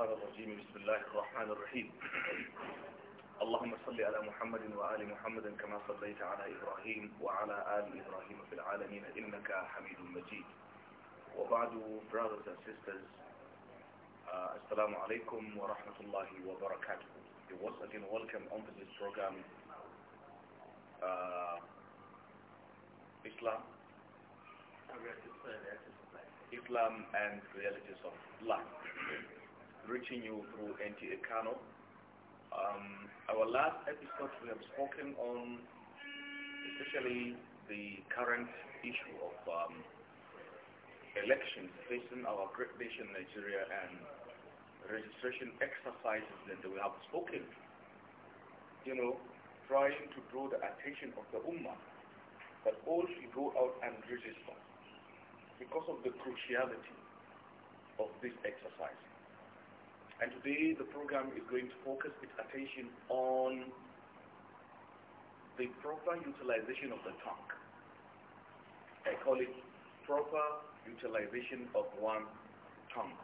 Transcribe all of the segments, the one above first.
الشيطان الرجيم بسم الله الرحمن الرحيم اللهم صل على محمد وآل محمد كما صليت على إبراهيم وعلى آل إبراهيم في العالمين إنك حميد مجيد وبعد brothers and sisters uh, السلام عليكم ورحمة الله وبركاته once again welcome onto this program uh, Islam Islam and realities of life greeting you through NTA Kano. Um, our last episode we have spoken on especially the current issue of um, elections facing our great nation Nigeria and registration exercises that we have spoken, you know, trying to draw the attention of the Ummah that all should go out and register because of the cruciality of this exercise. And today the program is going to focus its attention on the proper utilization of the tongue. I call it proper utilization of one tongue.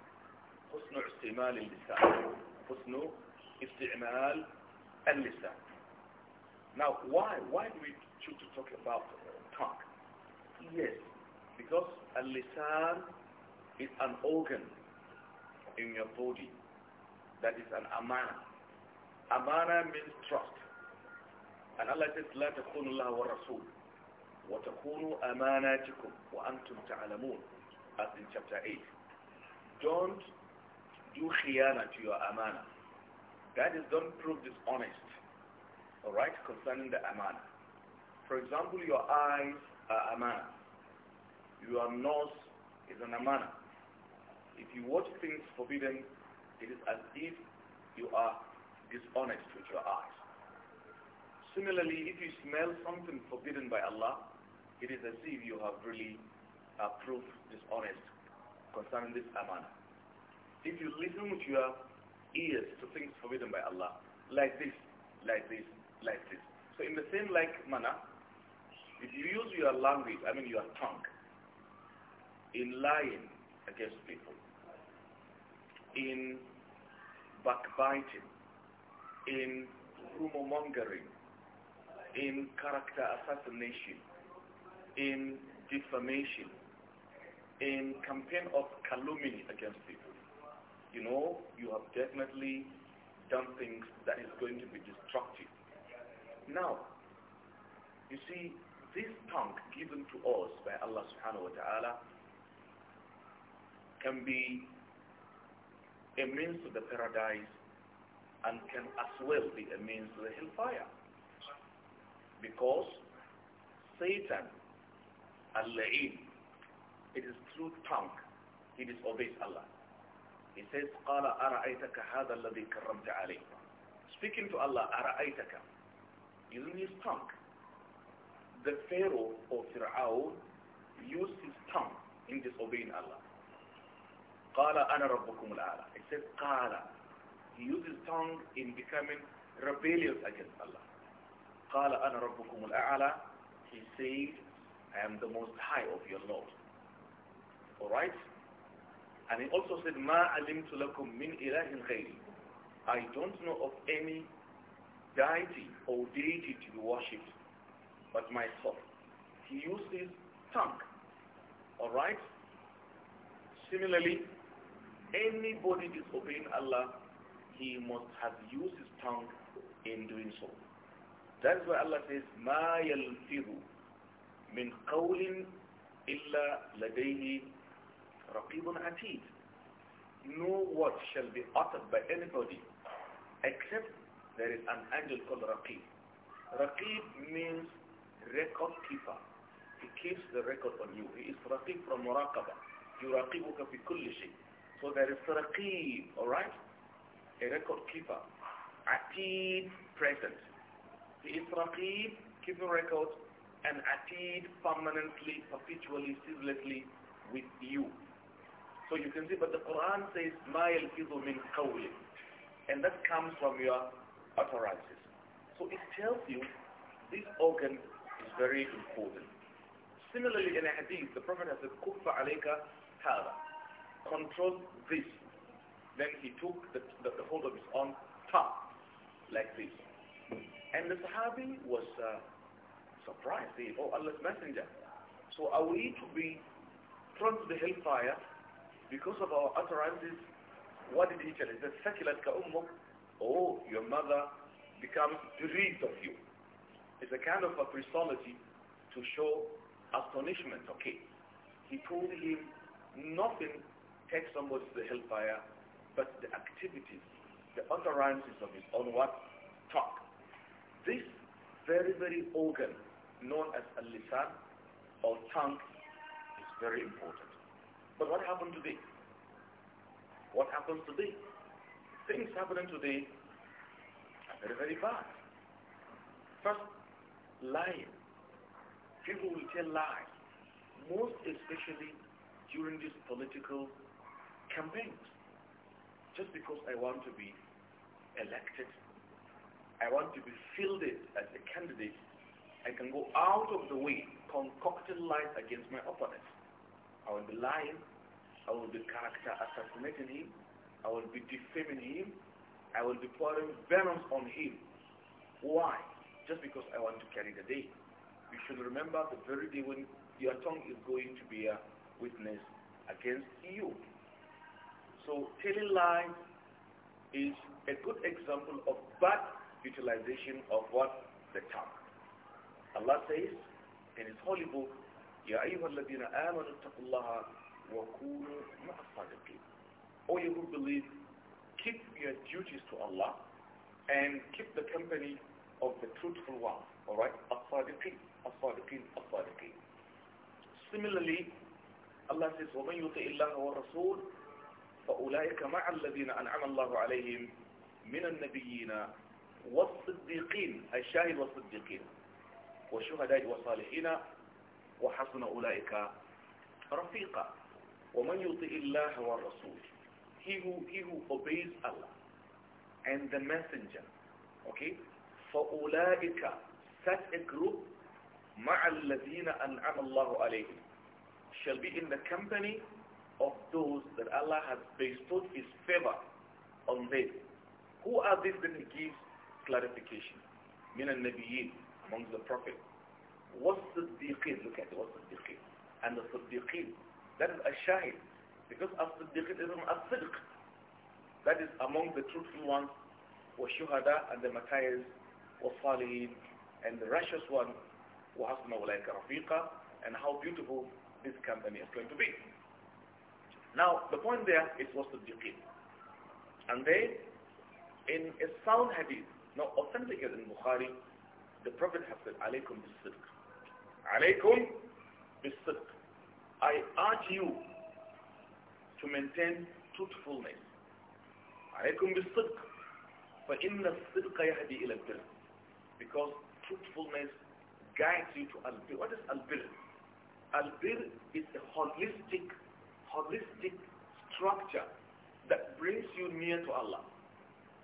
حسن استعمال اللسان حسن استعمال اللسان Now why why do we choose to talk about tongue? Yes, because a lisan is an organ in your body that is an amana. Amana means trust. And Allah says, لا تخونوا الله والرسول وتخونوا أماناتكم وأنتم تعلمون as in chapter 8. Don't do khiyana to your amana. That is, don't prove dishonest, all right, concerning the amana. For example, your eyes are amana. Your nose is an amana. If you watch things forbidden, it is as if you are dishonest with your eyes. Similarly, if you smell something forbidden by Allah, it is as if you have really uh, proved dishonest concerning this amana. If you listen with your ears to things forbidden by Allah, like this, like this, like this. So in the same like manner, if you use your language, I mean your tongue, in lying against people, in backbiting, in rumor mongering, in character assassination, in defamation, in campaign of calumny against people. You know, you have definitely done things that is going to be destructive. Now, you see, this tongue given to us by Allah subhanahu wa ta'ala can be a means to the paradise and can as well be a means to the hellfire. Because Satan, Al-La'in, it is through tongue, he disobeys Allah. He says, قَالَ أَرَأَيْتَكَ هَذَا الَّذِي كَرَّمْتَ عَلَيْهِ Speaking to Allah, أَرَأَيْتَكَ Using his tongue. The Pharaoh or Fir'aun used his tongue in disobeying Allah. قَالَ أَنَا رَبُّكُمُ الْأَعْلَى says qala. He his tongue in becoming rebellious against Allah. قال أنا ربكم He said, I am the most high of your Lord. Alright? And he also said, ma علمت لكم min إله غيري I don't know of any deity or deity to be worshipped but myself. He used his tongue. Alright? Similarly, Anybody disobeying Allah, he must have used his tongue in doing so. That's why Allah says, مَا يَلْفِظُ مِنْ قَوْلٍ إِلَّا لَدَيْهِ رَقِيبٌ عَتِيدٌ No word shall be uttered by anybody except there is an angel called Raqib. Raqib means record keeper. He keeps the record on you. He is Raqib from Muraqaba. يُرَقِبُكَ فِي كُلِّ شَيْءٍ so there is Raqib, alright? A record keeper. Atid, present. He is Raqib, keeping records, and Atid permanently, perpetually, ceaselessly with you. So you can see, but the Quran says, مَا يَلْفِظُ مِنْ قَوْلٍ And that comes from your utterances. So it tells you this organ is very important. Similarly, in a hadith, the Prophet has said, كُفَّ عَلَيْكَ هَذَا control this. Then he took the, the, the hold of his own tongue like this. And the Sahabi was uh, surprised. He, oh, Allah's messenger. So are we to be thrown to the hellfire because of our utterances? What did he tell us? He said, ummuk. Oh, your mother becomes bereaved of you. It's a kind of a Christology to show astonishment. Okay. He told him nothing take somebody to the hellfire, but the activities, the utterances of his own what? Talk. This very, very organ known as al-lisan or tongue is very important. But what happened to thee? What happens to thee? Things happening to thee are very, very bad. First, lying. People will tell lies, most especially during this political campaigns. Just because I want to be elected, I want to be fielded as a candidate, I can go out of the way concocting lies against my opponent. I will be lying, I will be character assassinating him, I will be defaming him, I will be pouring venom on him. Why? Just because I want to carry the day. You should remember the very day when your tongue is going to be a witness against you. So telling lies is a good example of bad utilization of what? The tongue. Allah says in His holy book, Ya أَيُّهَا الَّذِينَ آمَنُوا اتَّقُوا اللَّهَ وَكُونُوا مَعَ الصَّادِقِينَ All you who believe, keep your duties to Allah and keep the company of the truthful one. Alright? الصَّادِقِينَ الصَّادِقِينَ الصَّادِقِينَ Similarly, Allah says, وَمَنْ يُطِئِ اللَّهَ وَالرَّسُولَ فأولئك مع الذين أنعم الله عليهم من النبيين والصديقين الشاهد والصديقين والشهداء والصالحين وحسن أولئك رفيقا ومن يطيع الله والرسول he who, he who obeys Allah and the messenger okay فأولئك such a group مع الذين أنعم الله عليهم shall be in the company of those that Allah has bestowed His favor on them. Who are these? going He gives clarification. Min al amongst the prophets. What's the diqin? Look at it. What's the diqin? And the siddiqin. That is a shahid. Because as siddiqin is an sidq. That is among the truthful ones, wa shuhada and the matayas, wa salihin, and the righteous one, wa hasna ulaika rafiqa, and how beautiful this company is going to be. Now, the point there is was the Siddiqeen. And they, in a sound hadith, now authenticated in Bukhari, the Prophet has said, alaykum bis-sidq. Alaykum bis-sidq. I urge you to maintain truthfulness. عليكم بالصدق فإن الصدق يهدي إلى البر because truthfulness guides you to albir. What is al-bil? Albir is a holistic holistic structure that brings you near to Allah.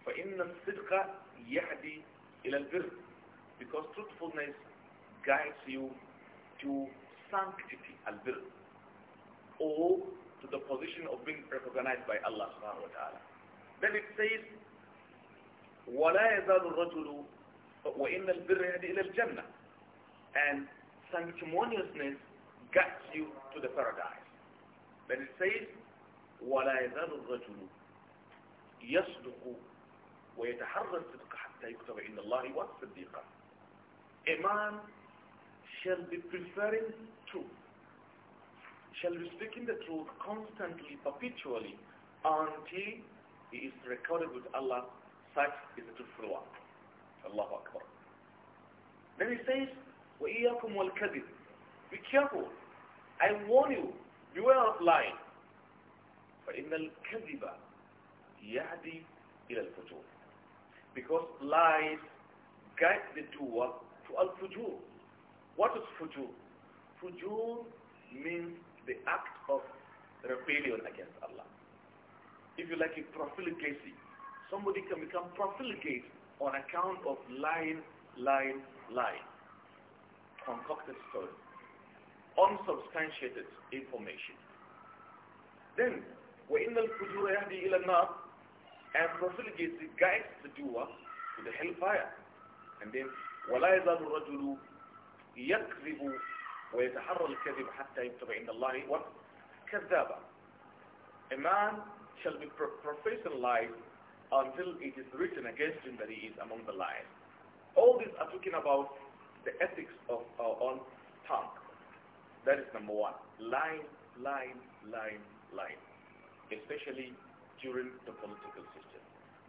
فَإِنَّ الصِّدْقَ يَهْدِي إِلَى الْبِرِّ Because truthfulness guides you to sanctity, al-birr, or to the position of being recognized by Allah subhanahu wa ta'ala. Then it says, وَلَا يَزَالُ الرَّجُلُ وَإِنَّ الْبِرَّ يَهْدِي إِلَى الْجَنَّةِ And sanctimoniousness guides you to the paradise. Then it says, وَلَا يَزَالُ الرَّجُلُ يَصْدُقُ وَيَتَحَرَّى الصِّدْقَ حَتَّى يُكْتَبَ إِنَّ اللَّهِ وَالصِّدِّيقَ A man shall be preferring truth, shall be speaking the truth constantly, perpetually, until he is recorded with Allah. Such is the truthful one. Allahu Akbar. Then he says, وَإِيَّاكُمْ وَالْكَذِبِ Be careful. I warn you beware not lying. فإن الكذب يَعْدِي إلى الفجور. Because lies guide the doer to al-fujur. What is fujur? Fujur means the act of rebellion against Allah. If you like, a profligacy. Somebody can become profligate on account of lying, lying, lying. Concocted stories unsubstantiated information. Then, وَإِنَّ الْفُجُورَ يَهْدِي إِلَى النَّارِ And profligacy guides the doer to the hellfire. And then, وَلَا يَزَالُ الرَّجُلُ يَكْذِبُ وَيَتَحَرَّ الْكَذِبَ حَتَّى يَكْتَبَ إِنَّ اللَّهِ وَكَذَّابًا A man shall be professing lies until it is written against him that he is among the liars. All these are talking about the ethics of our own tongue. That is number one. Lying, lying, lying, lying. Especially during the political system.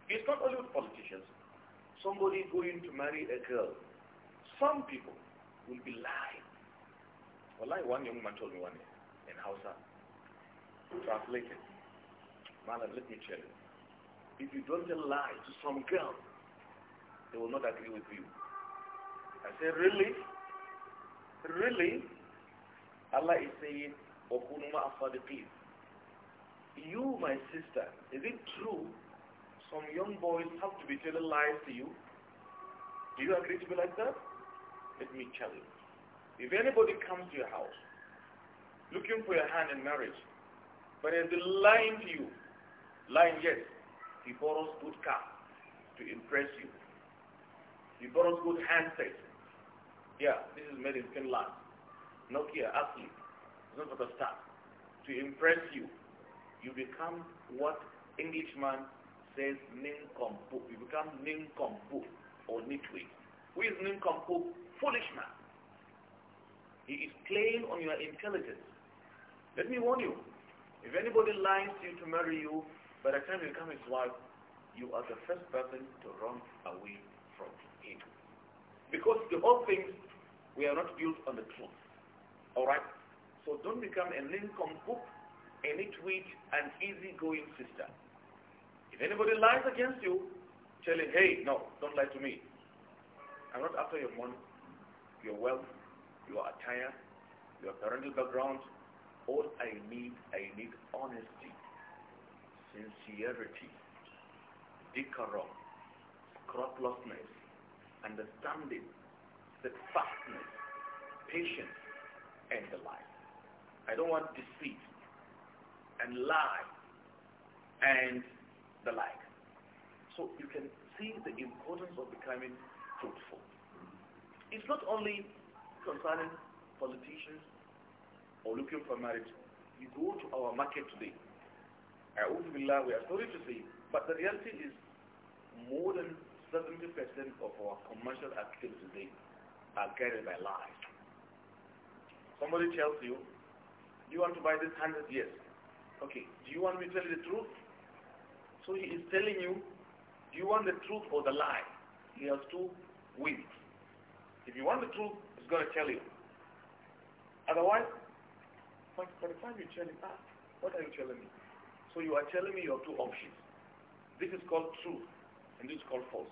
It's not only with politicians. Somebody going to marry a girl. Some people will be lying. Well, like one young man told me one day in Hausa, translated, Malam, let me tell you, if you don't lie to some girl, they will not agree with you. I said, really? Really? Allah is saying, وَكُنُوا مَعَ الصَّادِقِينَ You, my sister, is it true some young boys have to be telling lies to you? Do you agree to be like that? Let me tell you. If anybody comes to your house looking for your hand in marriage, but has lying to you, lying, yes, he borrows good car to impress you. He borrows good handset. Yeah, this is made in Finland. Not Nokia, It's not for the start. To impress you, you become what Englishman says nincompoop. You become nincompoop or nitwit. Who is nincompoop? Foolish man. He is playing on your intelligence. Let me warn you, if anybody lies to you to marry you, by the time you become his wife, you are the first person to run away from him. Because the whole thing we are not built on the truth. All right? So don't become a nincompoop, a nitwit, an easygoing sister. If anybody lies against you, tell him, hey, no, don't lie to me. I'm not after your money, your wealth, your attire, your parental background. All I need, I need honesty, sincerity, decorum, scrupulousness, understanding, steadfastness, patience, and the life. I don't want deceit and lie and the like. So you can see the importance of becoming truthful. It's not only concerning politicians or looking for marriage. You go to our market today. Billah, we are sorry to say, but the reality is more than 70% of our commercial activities today are carried by lies. Somebody tells you, do you want to buy this 100? Yes. Okay, do you want me to tell you the truth? So he is telling you, do you want the truth or the lie? He has two wings. If you want the truth, he's going to tell you. Otherwise, but the time you tell him, ah, what are you telling me? So you are telling me you have two options. This is called truth, and this is called false.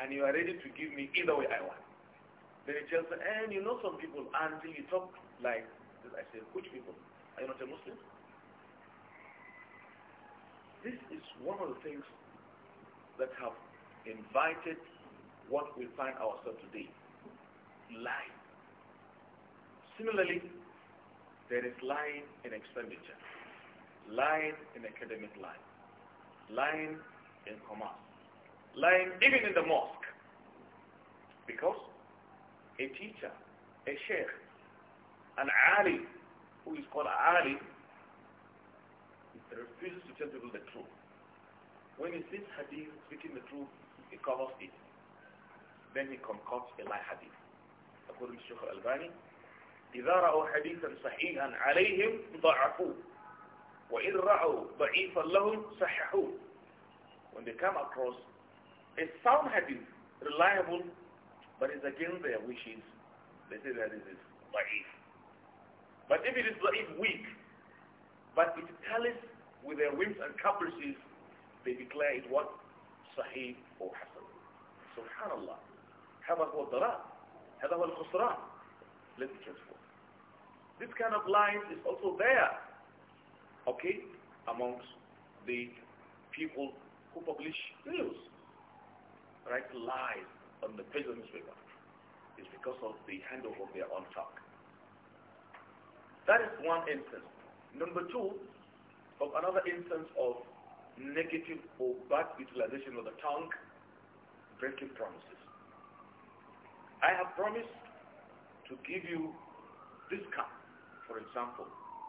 And you are ready to give me either way I want. Then he tells me, and you know some people, until you talk like I said, which people? Are you not a Muslim? This is one of the things that have invited what we find ourselves today. Lying. Similarly, there is lying in expenditure, lying in academic life, lying in commerce, lying even in the mosque. Because a teacher, a sheikh, an Ali, who is called Ali, refuses to tell people the truth. When he sees hadith speaking the truth, he covers it. Then he concocts a lie hadith. According to Sheikh Al-Albani, إذا رأوا حديثا صحيحا عليهم ضعفوه وإن رأوا ضعيفا لهم صححوه When they come across a sound hadith, reliable, but it's against their wishes, they say that it is ضعيف. But if it is weak, but it tallies with their whims and caprices, they declare it what? Sahih or Hasan. Subhanallah. هذا هو الضرار. هذا هو الخسران. Let me transform. This kind of lies is also there, okay, amongst the people who publish news, right? Lies on the paper newspaper. It's because of the handover of their own talk. That is one instance. Number two, of another instance of negative or bad utilization of the tongue, breaking promises. I have promised to give you this car, for example,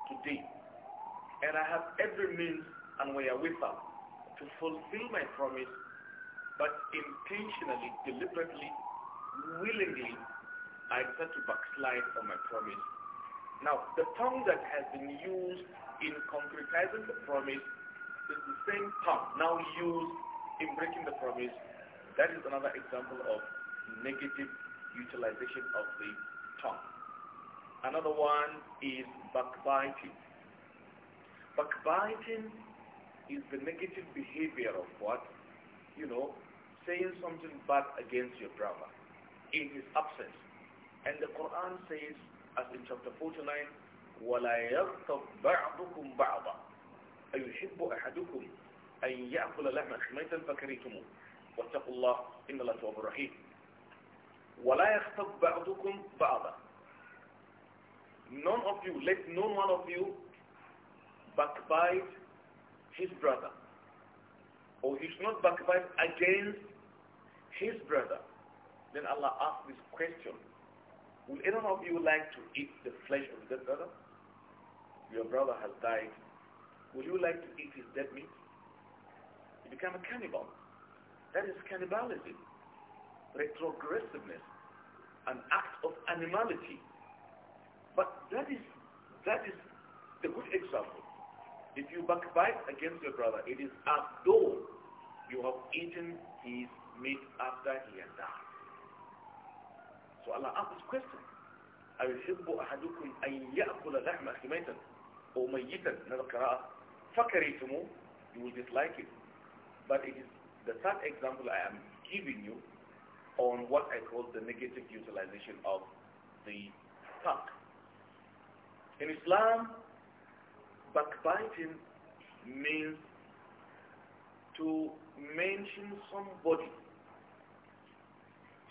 today. And I have every means and way wherewithal to fulfill my promise, but intentionally, deliberately, willingly, I decide to backslide on my promise now, the tongue that has been used in concretizing the promise is the same tongue now used in breaking the promise. That is another example of negative utilization of the tongue. Another one is backbiting. Backbiting is the negative behavior of what? You know, saying something bad against your brother in his absence. And the Quran says as in chapter 49, وَلَا يَغْتَبْ بَعْضُكُمْ بَعْضًا أَيُحِبُّ أَحَدُكُمْ أَنْ يَأْكُلَ لَحْمَ خِمَيْتًا فَكَرِهْتُمُوهُ وَاتَّقُوا اللَّهَ إِنَّ اللَّهَ تَوَّابٌ رَحِيمٌ وَلَا يَغْتَبْ بَعْضُكُمْ بَعْضًا None of you, let none one of you backbite his brother. Or he should not backbite against his brother. Then Allah asks this question Will any of you like to eat the flesh of your dead brother? Your brother has died. Would you like to eat his dead meat? You become a cannibal. That is cannibalism, retrogressiveness, an act of animality. But that is that is the good example. If you backbite against your brother, it is as though you have eaten his meat after he has died. So Allah asked this question. أَيُحِبُّ أَحَدُكُمْ أَنْ يَأْكُلَ لَحْمَ أَخِي مَيْتًا Another قراءة فَكَرِيتُمُ You will dislike it. But it is the third example I am giving you on what I call the negative utilization of the tongue. In Islam, backbiting means to mention somebody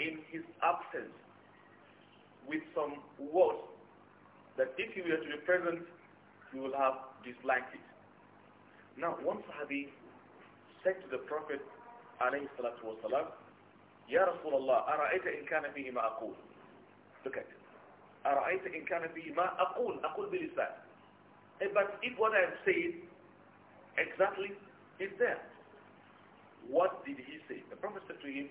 in his absence with some words that if you were to be present, you will have disliked it. Now, one Sahabi said to the Prophet, alayhi salatu wasalam, Ya Rasulullah, أرأيت إن كان فيه ما أقول Look at it. أرأيت إن كان فيه ما أقول أقول بلسان But if what I am saying exactly is there, what did he say? The Prophet said to him,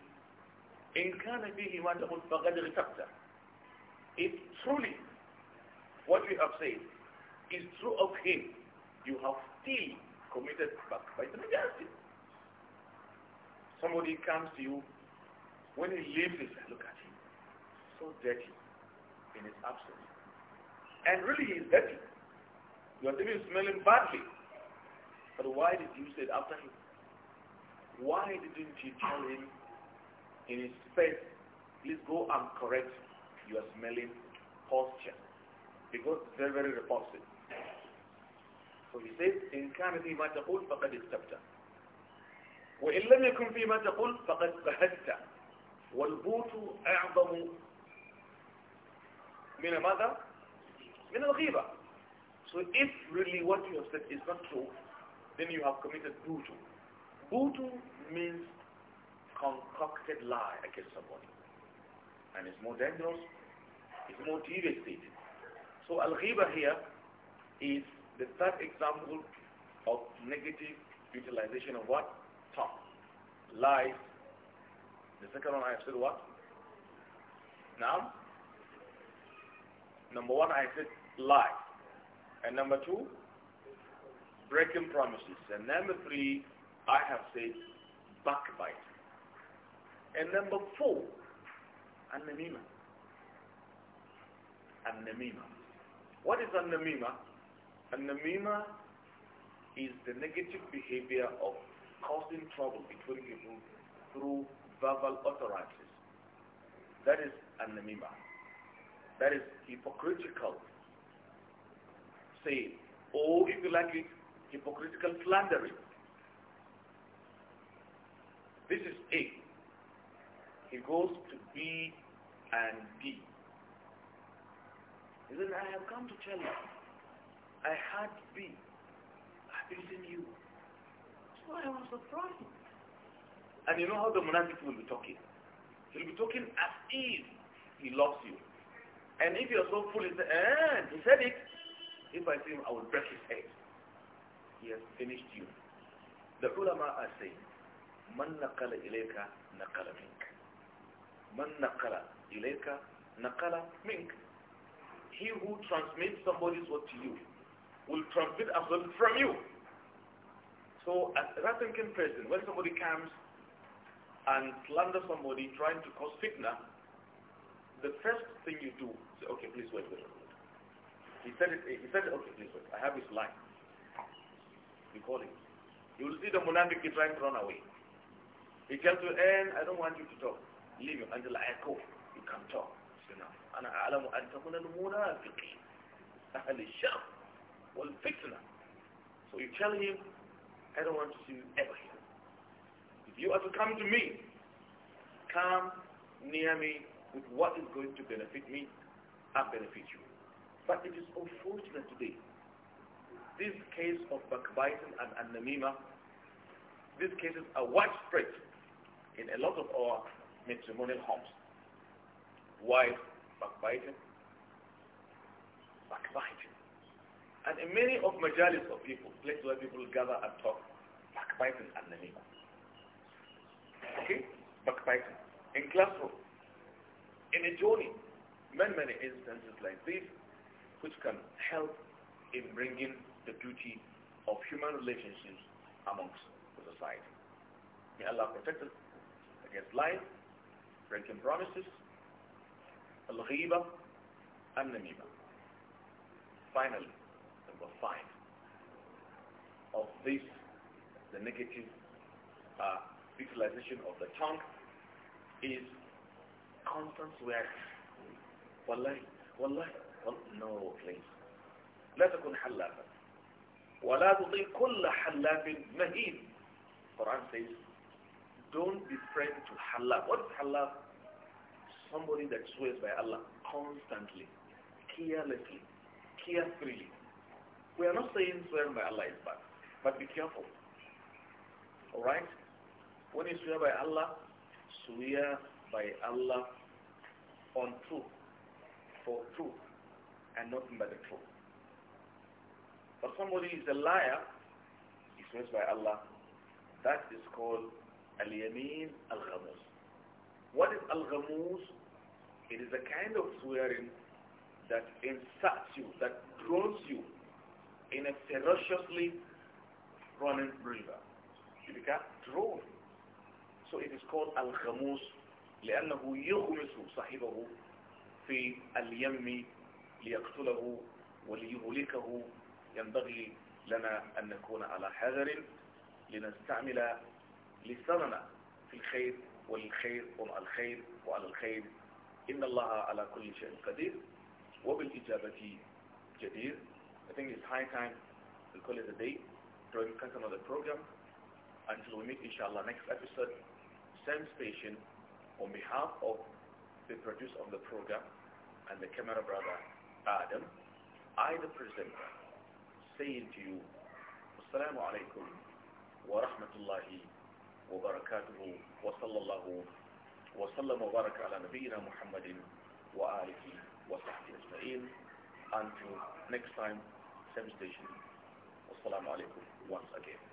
إن كان فيه ما تقول فقد غتبته if truly what you have said is true of him, you have still committed backbiting against him. Somebody comes to you, when he leaves, he look at him, so dirty in his absence. And really he is dirty. You are even smelling badly. But why did you say after him? Why didn't you tell him in his face, please go and correct you are smelling posture. Because it's very, very repulsive. So he says, إن كان فيما تقول فقد استبتع. وإن لم يكن فيما تقول فقد بهدت. والبوت أعظم من ماذا؟ من الغيبة. So if really what you have said is not true, then you have committed butu. Butu means concocted lie against somebody. And it's more dangerous is more devastated. So al-ghiba here is the third example of negative utilization of what? Talk, Lies. The second one I have said what? Now, number one I said lie. And number two, breaking promises. And number three, I have said backbite. And number four, anonymity. An-namima. What is an-namima? An-namima is the negative behavior of causing trouble between people through verbal utterances. That is an-namima. That is hypocritical. Say, or if you like it, hypocritical slandering. This is A. He goes to B and D. He I have come to tell you, I had been abusing you. So I was surprised. And you know how the monastic will be talking? He'll be talking as if he loves you. And if you're so foolish, eh, he said it. If I see him, I will break his head. He has finished you. The ulama are saying, من نقل إليك نقل منك. من نقل إليك نقل منك he who transmits somebody's word to you will transmit as well from you. So as a thinking person, when somebody comes and slanders somebody trying to cause fitna, the first thing you do is, okay, please wait, wait, wait. He said, it, he said, okay, please wait. I have his line. You call him. You will see the monarchy trying to run away. He tells you, and I don't want you to talk. Leave him until I call. You can talk. It's now." أنا أعلم أنت من المنافق أهل الشر والفتنة So you tell him, I don't want to see you ever here. If you are to come to me, come near me with what is going to benefit me I benefit you. But it is unfortunate today. This case of backbiting and anonymia, these cases are widespread in a lot of our matrimonial homes. Wives backbiting, backbiting. And in many of majalis of people, places where people gather and talk, backbiting and naming. Okay? Backbiting. In classroom, in a journey, many, many instances like this, which can help in bringing the beauty of human relationships amongst the society. May Allah protect us against lies, breaking promises, Al-Ghiba and Namima. Finally, number five of this, the negative uh, utilization of the tongue is constant swearing. Wallahi, wallahi, wallahi, no please. لا تكن حلافا ولا تطيع كل حلاف مهين Quran says don't be friend to halaf. What is halaf? somebody that swears by Allah constantly, carelessly, carefully. We are not saying swearing by Allah is bad, but be careful. Alright? When you swear by Allah, swear by Allah on truth, for truth, and nothing but the truth. But somebody is a liar, he swears by Allah. That is called al-yamin al-ghamus. What is al-ghamus? It is a kind of swearing that inserts you, that drones you in a ferociously running river. You become drawn. So it is called al-ghamus لأنه يغمس صاحبه في اليم ليقتله وليهلكه ينبغي لنا أن نكون على حذر لنستعمل لساننا في الخير والخير وعلى الخير وعلى الخير إن الله على كل شيء قدير وبالإجابة جدير I think it's high time we call it a day during the content of the program until we meet inshallah next episode same station on behalf of the producer of the program and the camera brother Adam I the presenter saying to you Assalamu alaikum wa rahmatullahi wa barakatuhu wa sallallahu وسلم وبارك على نبينا محمد وآله وصحبه أجمعين until next time same station wassalamu alaikum once again